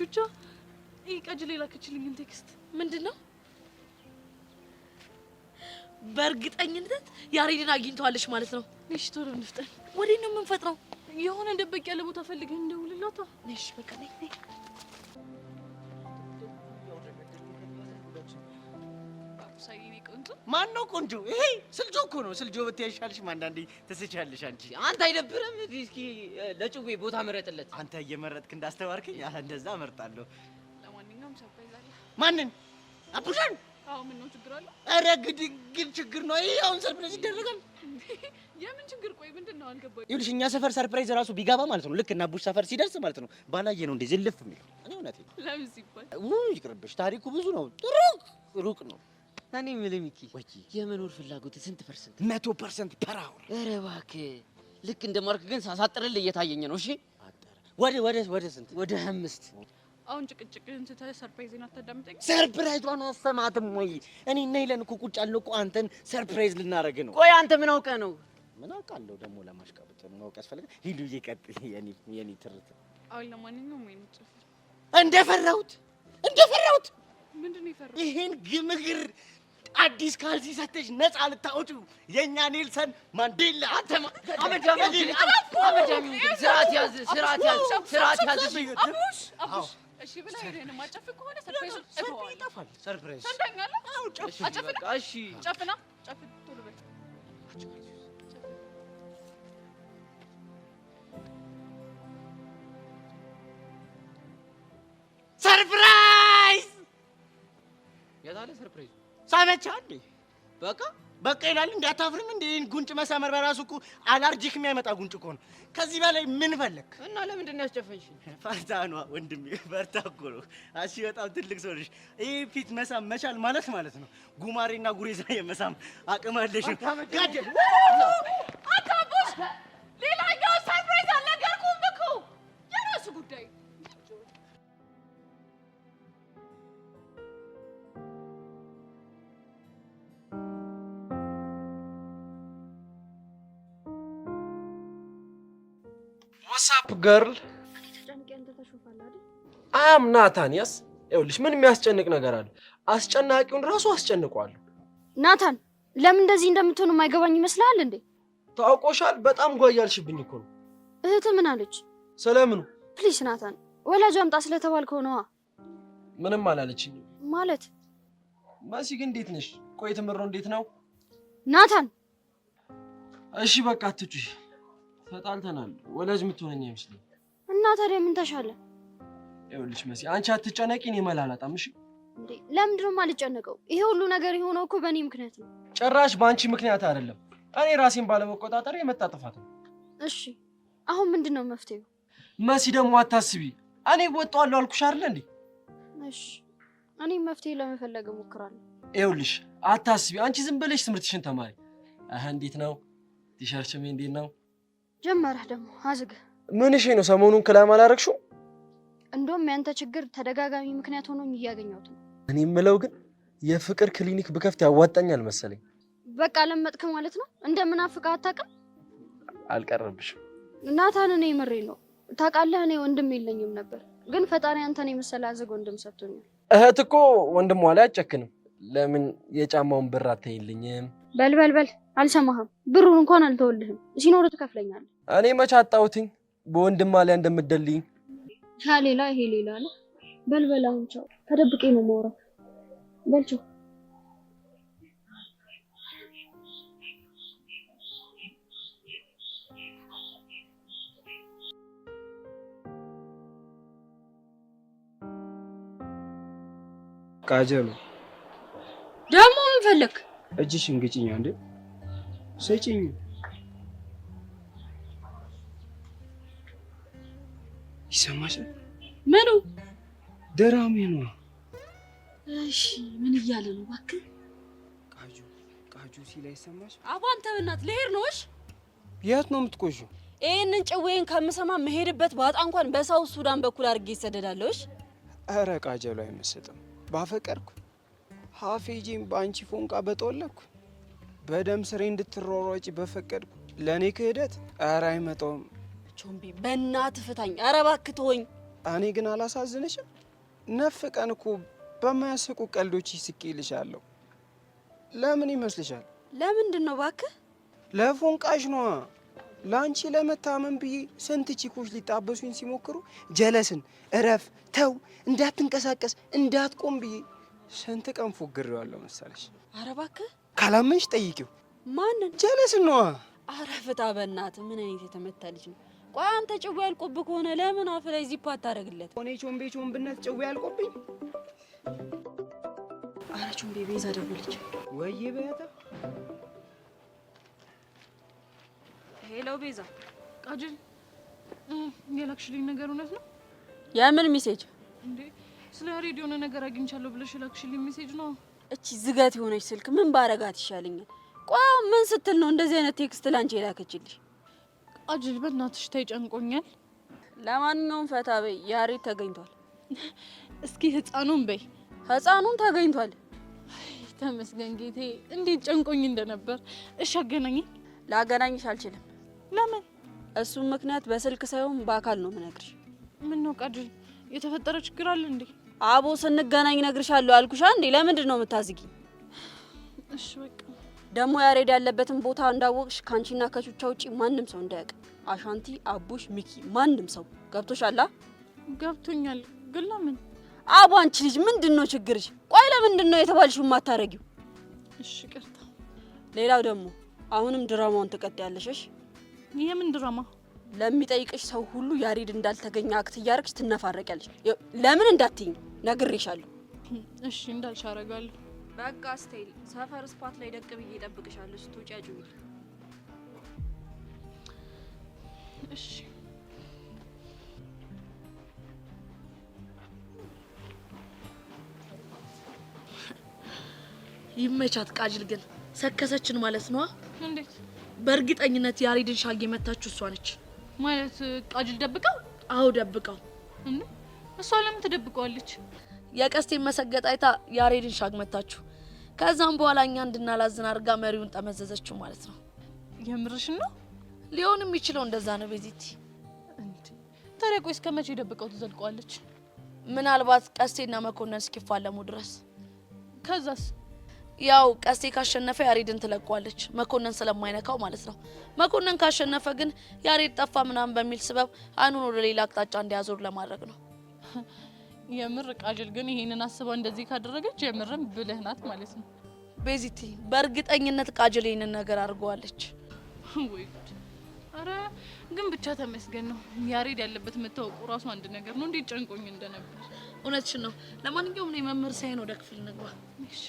ያለችው። ብቻ ይሄ ቀጅል የላከችልኝን ቴክስት ምንድን ነው? በእርግጠኝነት ያሬድን አግኝተዋለች ማለት ነው። ነሽ ቶሎ እንፍጠን። ወዴት ነው የምንፈጥረው? የሆነ ደበቅ ያለ ቦታ ፈልገን እንደውልላታ። ነሽ በቃ አሳይ። እኔ ቆንጆ ማን ነው ቆንጆ? ይሄ ስልጆ እኮ ነው። ስልጆ ብትያሻልሽ አንዳንዴ ትስቻለሽ። አንቺ አንተ አይደብርም? እስኪ ለጭዌ ቦታ ምረጥለት። አንተ እየመረጥክ እንዳስተባርከኝ እንደዛ እመርጣለሁ። ለማንኛውም ሰርፕራይዝ ማንን? አቡሻን። አዎ፣ ምን ነው ችግር አለ? ኧረ ግድግድ ችግር ነው ይሄ። አሁን ሰርፕራይዝ ይደረጋል? የምን ችግር? ቆይ ምንድን ነው አልገባኝ። ይኸውልሽ እኛ ሰፈር ሰርፕራይዝ ራሱ ቢገባ ማለት ነው ልክ እና ቡሽ ሰፈር ሲደርስ ማለት ነው ባላየ ነው እንደዚህ ልፍ የሚለው እኔ እውነቴን። ለምን ሲባል ውይ ይቅርብሽ፣ ታሪኩ ብዙ ነው፣ ሩቅ ሩቅ ነው። እኔ የምልህ ሚኪ፣ የመኖር ፍላጎት ስንት ፐርሰንት? መቶ ፐርሰንት ፐራውር። አውር። ኧረ እባክህ ልክ እንደ ማርክ ግን ሳሳጥርልህ እየታየኝ ነው። እሺ ወደ ወደ ወደ ስንት? ወደ አምስት አሁን ጭቅጭቅህን ስትል ሰርፕራይዜን አታዳምጠኝ። ሰርፕራይዟን አሰማትም ወይ? እኔ እና ይለን እኮ ቁጭ ያልነው እኮ አንተን ሰርፕራይዝ ልናደርግ ነው። ቆይ አንተ ምን አውቀህ ነው? ምን አውቃለሁ ደግሞ ለማሽቃበጥ ምን አውቀህ አስፈልገህ? ሂዱ ይቀጥል። የኔ የኔ ትርት አሁን ለማንኛውም ወይ ነው እንደፈራሁት እንደፈራሁት ምንድን ነው የፈራሁት? ይሄን ግምግር አዲስ ካልሲ ሰተሽ ነፃ ልታወጪ የእኛ ኔልሰን ማንዴላ አተማ አንተማ ስርዓት ያዝ ስርዓት ያዝ ስርዓት ያዝ አቡሽ አቡሽ እሺ ብላ ይሄን ማጨፍ ከሆነ ሰርፕራይዙ ይጠፋል ሰርፕራይዝ ሰንደኛለህ አዎ ጨፍና እሺ ጨፍና ጨፍ ቶሎ በል ሰርፕራይዝ የታለ ሰርፕራይዝ ሳመቻል በቃ በቃ ይላል። እንዳታፍርም እንዴ? ይህን ጉንጭ መሳመር በራሱ እኮ አላርጂክ የሚያመጣ ጉንጭ እኮ ነው። ከዚህ በላይ ምን ፈለግ? እና ለምንድን ነው ያስጨፈንሽ? ፈርታ ነዋ ወንድሜ፣ ፈርታ እኮ ነው። እሺ በጣም ትልቅ ሰው ነሽ። ይህ ፊት መሳም መቻል ማለት ማለት ነው ጉማሬና ጉሬዛ የመሳም አቅም አለሽ። ዋትስአፕ ገርል አም ናታን ናታንያስ ይኸውልሽ፣ ምን የሚያስጨንቅ ነገር አለ? አስጨናቂውን ራሱ አስጨንቋል። ናታን፣ ለምን እንደዚህ እንደምትሆን የማይገባኝ ይመስልሃል እንዴ? ታውቆሻል። በጣም ጓያልሽብኝ እኮ ነው። እህት ምን አለች? ስለምኑ? ፕሊስ ናታን፣ ወላጅ አምጣ ስለተባልክ ሆነዋ። ምንም አላለችኝ። ማለት መሲ ግን እንዴት ነሽ? ቆይ ትምሮ እንዴት ነው? ናታን፣ እሺ በቃ አትጩሽ። ተጣልተናል። ወላጅ የምትሆነኝ አይመስለኝም። እና ታዲያ ምን ተሻለ? ይኸውልሽ መሲ፣ አንቺ አትጨነቂ፣ እኔ መላ አላጣም። እሺ እንዴ ለምንድነው የማልጨነቀው? ይሄ ሁሉ ነገር የሆነው እኮ በእኔ ምክንያት ነው። ጭራሽ በአንቺ ምክንያት አይደለም። እኔ ራሴን ባለመቆጣጠር የመጣ ጥፋት ነው። እሺ አሁን ምንድን ነው መፍትሄው? መሲ ደግሞ አታስቢ፣ እኔ ወጣዋለሁ አልኩሽ አይደል እንዴ? እሺ እኔ መፍትሄ ለመፈለግ እሞክራለሁ። ይኸውልሽ አታስቢ፣ አንቺ ዝም ብለሽ ትምህርትሽን ተማሪ። አህ እንዴት ነው ቲሸርችም እንዴት ነው ጀመረህ ደግሞ አዝግ። ምን እሺ ነው ሰሞኑን ክላም አላረግሽው? እንደውም ያንተ ችግር ተደጋጋሚ ምክንያት ሆኖኝ እያገኘሁት ነው። እኔ የምለው ግን የፍቅር ክሊኒክ ብከፍት ያዋጣኛል መሰለኝ። በቃ ለመጥክ ማለት ነው። እንደምናፍቅህ አታውቅም። አልቀረብሽም። ናታን፣ እኔ ምሬ ነው ታውቃለህ። እኔ ወንድም የለኝም ነበር፣ ግን ፈጣሪ አንተን የመሰለ አዝግ ወንድም ሰጥቶኛል። እህት እኮ ወንድሟ ላይ አጨክንም። ለምን የጫማውን ብር አታይልኝም። በል በል በል አልሰማህም። ብሩን እንኳን አልተወልህም። ሲኖር ትከፍለኛለህ። እኔ መች አጣሁትኝ በወንድማ ላይ እንደምደልኝ ያ ሌላ ይሄ ሌላ ነው። በል በል አሁን ቻው። ተደብቄ ነው የማወራው። በል ቻው። ቃጀ ደግሞ ምን ፈለክ? እጅሽን ግጭኝ። እንዴ! ስጭኝ። ይሰማሻል? ምኑ ደራሜ ነው። እሺ ምን እያለ ነው? እባክህ ቃጁ ቃጁ ሲል አይሰማሽ? አባ አንተ በእናትህ ልሄድ ነው። እሺ የት ነው የምትቆሺው? ይህንን ጭዌን ከምሰማ መሄድበት ባጣ እንኳን በሳውዝ ሱዳን በኩል አድርጌ ይሰደዳለሁ። እሺ ኧረ ቃጀሉ አይመሰጥም ባፈቀርኩ ሀፌጂን በአንቺ ፎንቃ በጦለኩ በደም ስሬ እንድትሮሮጭ በፈቀድኩ ለእኔ ክህደት ኧረ አይመጣውም። ቾምቤ በእናትህ ፍታኝ፣ ኧረ እባክህ ተወኝ። እኔ ግን አላሳዝንሽም? ነፍቀንኩ እኮ በማያስቁ ቀልዶች ስቄ ለምን ይመስልሻል? ለምንድን ነው እባክህ? ለፎንቃሽ ነዋ። ለአንቺ ለመታመን ብዬ ስንት ቺኮች ሊጣበሱኝ ሲሞክሩ ጀለስን እረፍ፣ ተው፣ እንዳትንቀሳቀስ፣ እንዳትቆም ብዬ ስንት ቀን ፎግሬዋለሁ መሰለሽ። ኧረ እባክህ ካላመንሽ ጠይቂው። ማንን? ጀለስን ነዋ። ኧረ ፍታ በእናትህ። ምን አይነት የተመታ ልጅ ነው? ቆይ አንተ ጭው ያልቆብህ ከሆነ ለምን አፍ ላይ ዚፓ አታደርግለት? ሆኔ ቾምቤ ቾምብነት ጭው ያልቆብኝ። አረ ቾምቤ ቤዛ ደወለች። ወይ በያታ። ሄሎ ቤዛ። ቃጅል የላክሽልኝ ነገር እውነት ነው? የምን ሚሴጅ እንዴ? ስለ ሬዲዮ የሆነ ነገር አግኝቻለሁ ብለሽ ላክሽልኝ ሜሴጅ ነው። እቺ ዝገት የሆነች ስልክ ምን ባረጋት ይሻለኛል? ቋ ምን ስትል ነው እንደዚህ አይነት ቴክስት ላንቺ የላከችልሽ? አጅል በእናትሽ ተይ ጨንቆኛል። ለማንኛውም ፈታ በይ ያሬድ ተገኝቷል። እስኪ ህፃኑን በይ ህፃኑን ተገኝቷል። ተመስገን ጌቴ፣ እንዴት ጨንቆኝ እንደነበር። እሺ አገናኝ። ላገናኝሽ አልችልም። ለምን? እሱም ምክንያት በስልክ ሳይሆን በአካል ነው ምነግርሽ። ምን ነው ቀድል፣ የተፈጠረ ችግር አለ እንዴ? አቦ ስንገናኝ ነግርሻለሁ አልኩሻ እንዴ! ለምንድን ነው የምታዝጊ? እሺ በቃ ደግሞ ያሬድ ያለበትን ቦታ እንዳወቅሽ ካንቺና ከቹቻ ውጪ ማንም ሰው እንዳያውቅ። አሻንቲ፣ አቡሽ፣ ሚኪ፣ ማንም ሰው ገብቶሻላ ገብቶኛል። ግን ለምን አቦ? አንቺ ልጅ ምንድን ነው ችግርሽ? ቆይ ለምንድን ነው የተባልሽው የማታረጊው? እሺ ቅርታ። ሌላው ደግሞ አሁንም ድራማውን ትቀጥያለሽ። እሺ? የምን ድራማ? ለሚጠይቅሽ ሰው ሁሉ ያሬድ እንዳልተገኘ አክት እያደረግሽ ትነፋረቂያለሽ። ለምን እንዳትይኝ ነግሬሻለሁ። እሺ እንዳልሽ አደርጋለሁ። በቃ ስቴል ሰፈር ስፓት ላይ ደቅ ብዬ እጠብቅሻለሁ። አጅቢ። እሺ ይመቻት። ቃጅል ግን ሰከሰችን ማለት ነው። እንዴት? በእርግጠኝነት ያሬድን ሻግ መታችሁ እሷ ነች ማለት። ቃጅል ደብቀው? አዎ ደብቀው። እሷ ለምን ትደብቀዋለች? የቀስቴን መሰገጥ አይታ ያሬድን ሻግ መታችሁ። ከዛም በኋላ እኛ እንድናላዝን አድርጋ መሪውን ጠመዘዘችው ማለት ነው። የምርሽ ነው? ሊሆን የሚችለው እንደዛ ነው። ቤዚቲ ታዲያ ቆይ እስከ መቼ ደብቀው ትዘልቀዋለች? ምናልባት ቀስቴና መኮንን እስኪፋለሙ ድረስ። ከዛስ? ያው ቀስቴ ካሸነፈ ያሬድን ትለቋለች፣ መኮንን ስለማይነካው ማለት ነው። መኮንን ካሸነፈ ግን ያሬድ ጠፋ ምናምን በሚል ስበብ አይኑን ወደ ሌላ አቅጣጫ እንዲያዞር ለማድረግ ነው። የምር ቃጅል ግን ይሄንን አስባ እንደዚህ ካደረገች የምርም ብልህ ናት ማለት ነው። ቤዚቲ በእርግጠኝነት ቃጅል ይሄንን ነገር አድርገዋለች። ወይ አረ ግን ብቻ ተመስገን ነው ያሬድ ያለበት መታወቁ ራሱ አንድ ነገር ነው። እንዴት ጨንቆኝ እንደነበር እውነትሽ ነው። ለማንኛውም እኔ መምህር ሳይሆን ወደ ክፍል ንግባ። እሺ